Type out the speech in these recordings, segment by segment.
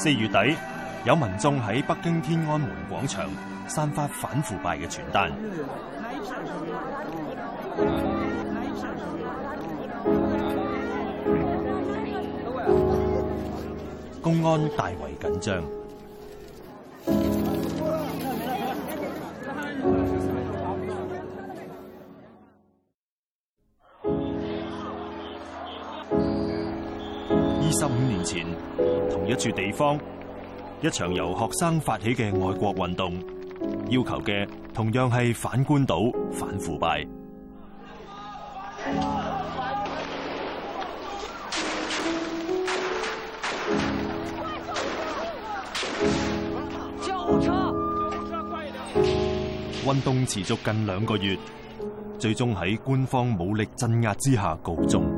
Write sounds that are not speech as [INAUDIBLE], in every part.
四月底，有民眾喺北京天安門廣場散發反腐敗嘅傳單，公安大為緊張。住地方，一場由學生發起嘅愛國運動，要求嘅同樣係反官倒、反腐敗。運動持續近兩個月，最終喺官方武力鎮壓之下告終。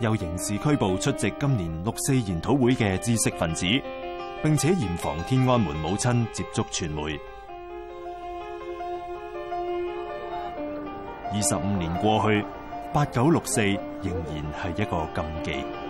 又刑事拘捕出席今年六四研討會嘅知識分子，並且嚴防天安門母親接觸傳媒。二十五年過去，八九六四仍然係一個禁忌。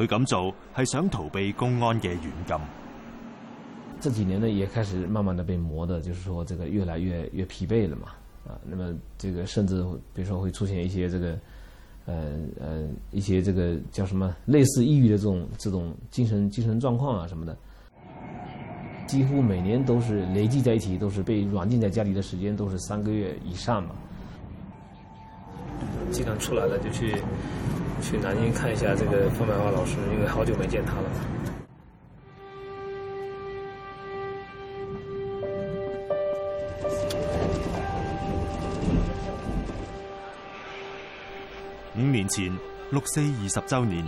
佢咁做係想逃避公安嘅軟禁。這幾年呢，也開始慢慢的被磨得，就是說，這個越來越越疲憊了嘛。啊，那麼這個甚至，比如說會出現一些這個，嗯、呃、嗯、呃，一些這個叫什麼類似抑鬱的這種這種精神精神狀況啊，什麼的，幾乎每年都是累積在一起，都是被軟禁在家裏的時間都是三個月以上嘛。既然、嗯、出來了，就去。去南京看一下這個范白華老師，因為好久沒見他了。五年前六四二十周年，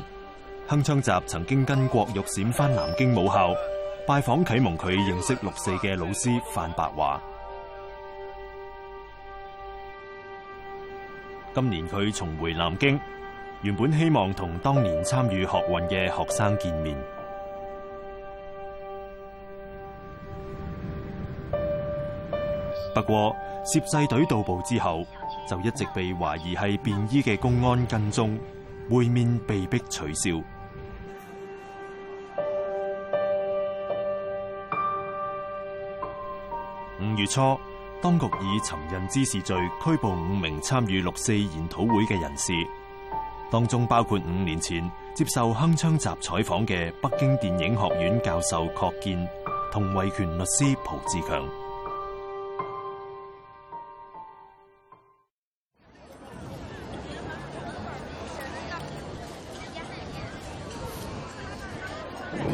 鏗鏘集曾經跟郭玉閃返南京母校拜訪啟蒙佢認識六四嘅老師范白華。今年佢重回南京。原本希望同當年參與學運嘅學生見面，不過攝製隊到埗之後，就一直被懷疑係便衣嘅公安跟蹤，會面被迫取消。五月初，當局以尋釁滋事罪拘捕五名參與六四研討會嘅人士。當中包括五年前接受鏗鏘集採訪嘅北京電影學院教授郝建同維權律師蒲志強。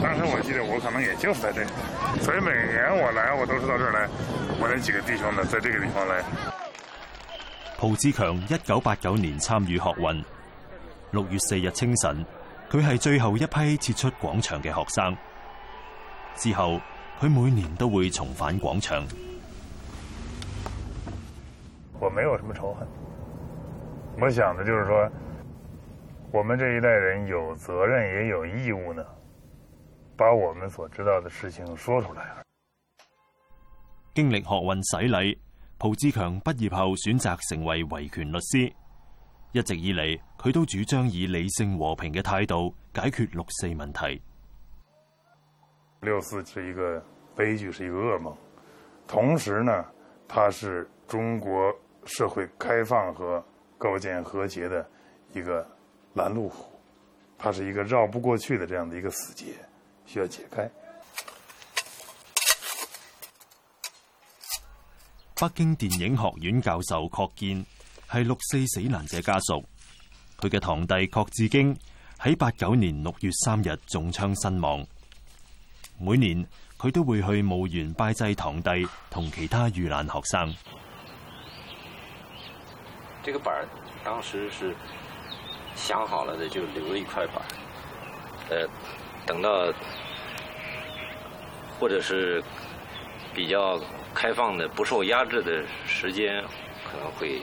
當時我記得我可能也就是在這裏，所以每年我來我都是到這來，我那幾個弟兄呢，在這個地方來。蒲志強一九八九年參與學運。六月四日清晨，佢係最後一批撤出廣場嘅學生。之後，佢每年都會重返廣場。我沒有什麼仇恨，我想的就是說，我們這一代人有責任，也有義務呢，把我們所知道的事情說出來。經歷學運洗禮，蒲志強畢業後選擇成為維權律師。一直以嚟，佢都主張以理性和平嘅態度解決六四問題。六四是一個悲劇，是一個噩夢，同時呢，它是中國社會開放和構建和諧的一個攔路虎，它是一個繞不過去的這樣的一個死結，需要解開。北京電影學院教授郝建。係六四死難者家屬，佢嘅堂弟郭志京喺八九年六月三日中槍身亡。每年佢都會去墓園拜祭堂弟同其他遇難學生。這個板當時是想好了的，就留了一塊板，呃，等到或者是比較開放的、不受壓制的時間，可能會。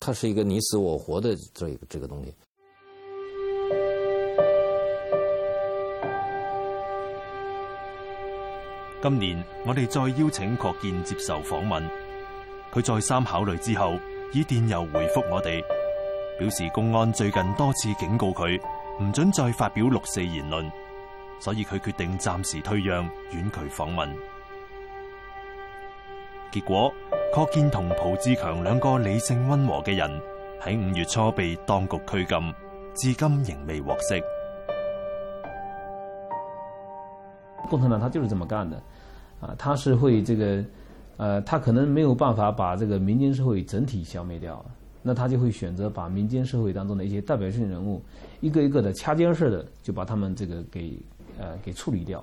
它是一個你死我活的這個這個東西。今年我哋再邀請郭建接受訪問，佢再三考慮之後，以電郵回覆我哋，表示公安最近多次警告佢唔准再發表六四言論，所以佢決定暫時退讓，婉拒訪問。結果，郝建同浦志強兩個理性温和嘅人喺五月初被當局拘禁，至今仍未獲釋。共產黨他就是這麼幹的，啊，他是會這個，呃，他可能沒有辦法把這個民間社會整體消滅掉，那他就會選擇把民間社會當中的一些代表性人物一個一個的掐尖式的，就把他們這個給，呃，給處理掉。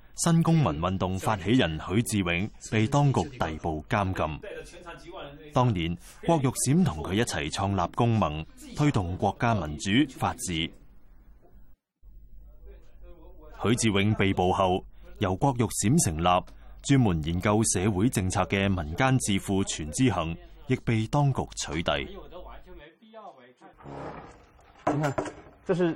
新公民運動發起人許志永被當局逮捕監禁。當年郭玉閃同佢一齊創立公盟，推動國家民主法治。許志永被捕後，由郭玉閃成立專門研究社會政策嘅民間智庫全之行，亦被當局取締。這是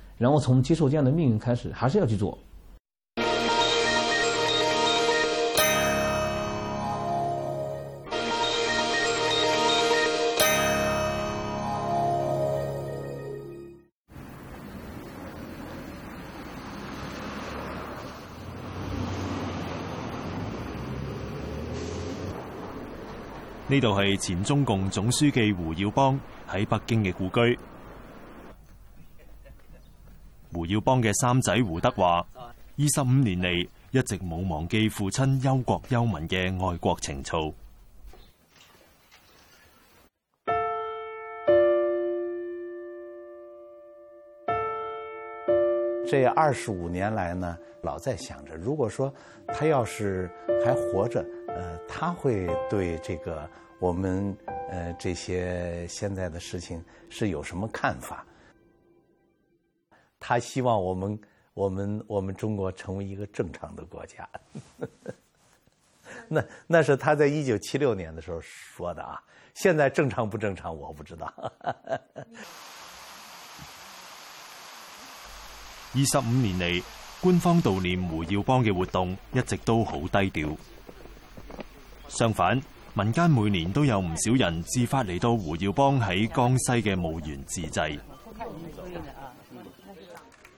然後從接受這樣的命運開始，還是要去做。呢度係前中共總書記胡耀邦喺北京嘅故居。胡耀邦嘅三仔胡德華二十五年嚟一直冇忘記父親憂國憂民嘅愛國情操。這二十五年來呢，老在想着，如果說他要是還活着，呃，他會對這個我們，呃，這些現在的事情是有什麼看法？他希望我們、我們、我們中國成為一個正常的國家。 [LAUGHS] 那那是他在一九七六年的時候說的啊。現在正常不正常，我不知道。二十五年嚟，官方悼念胡耀邦嘅活動一直都好低調。相反，民間每年都有唔少人自發嚟到胡耀邦喺江西嘅墓園祭奠。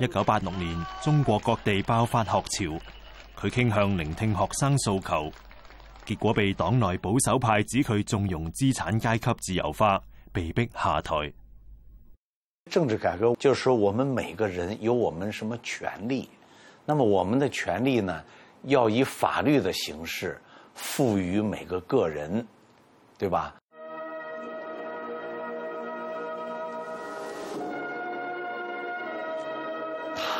一九八六年，中國各地爆發學潮，佢傾向聆聽學生訴求，結果被黨內保守派指佢縱容資產階級自由化，被逼下台。政治改革就是說我們每個人有我們什麼權利？那麼我們的權利呢？要以法律的形式賦予每個個人，對吧？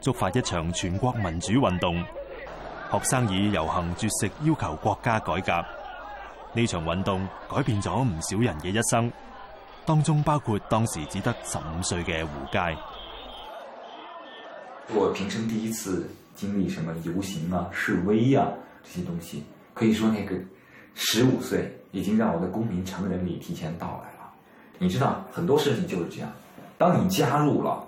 觸發一場全國民主運動，學生以遊行絕食要求國家改革。呢場運動改變咗唔少人嘅一生，當中包括當時只得十五歲嘅胡佳。我平生第一次經歷什麼遊行啊、示威啊，這些東西，可以說那個十五歲已經讓我的公民成人禮提前到來了。你知道很多事情就是這樣，當你加入了。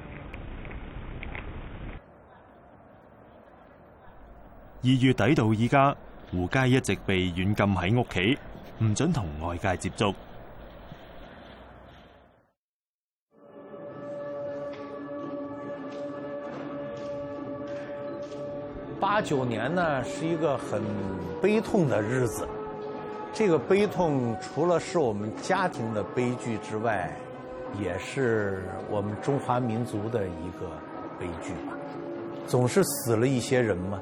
二月底到而家，胡佳一直被軟禁喺屋企，唔准同外界接觸。八九年呢，是一個很悲痛的日子，這個悲痛除了是我們家庭的悲劇之外，也是我們中華民族的一個悲劇吧。總是死了一些人嘛。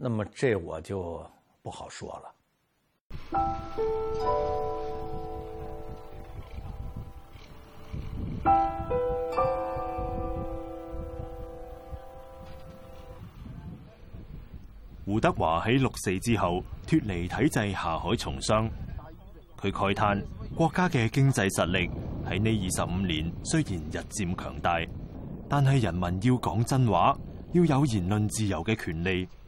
那麼，這我就不好說了。胡德華喺六四之後脱離體制下海從商，佢慨嘆：國家嘅經濟實力喺呢二十五年雖然日漸強大，但係人民要講真話，要有言論自由嘅權利。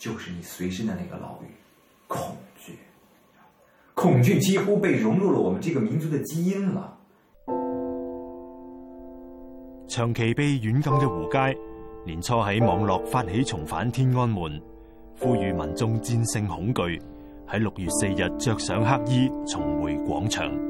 就是你隨身的那個牢獄，恐懼，恐懼幾乎被融入了我們這個民族的基因了。長期被軟禁嘅胡佳，年初喺網絡發起重返天安門，呼籲民眾戰勝恐懼，喺六月四日着上黑衣重回廣場。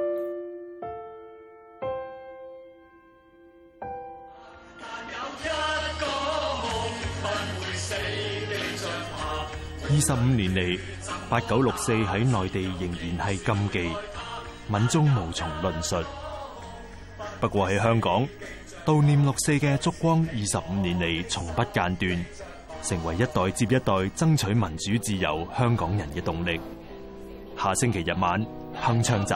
二十五年嚟，八九六四喺內地仍然係禁忌，民眾無從論述。不過喺香港，悼念六四嘅燭光，二十五年嚟從不間斷，成為一代接一代爭取民主自由香港人嘅動力。下星期日晚，鏗鏘集。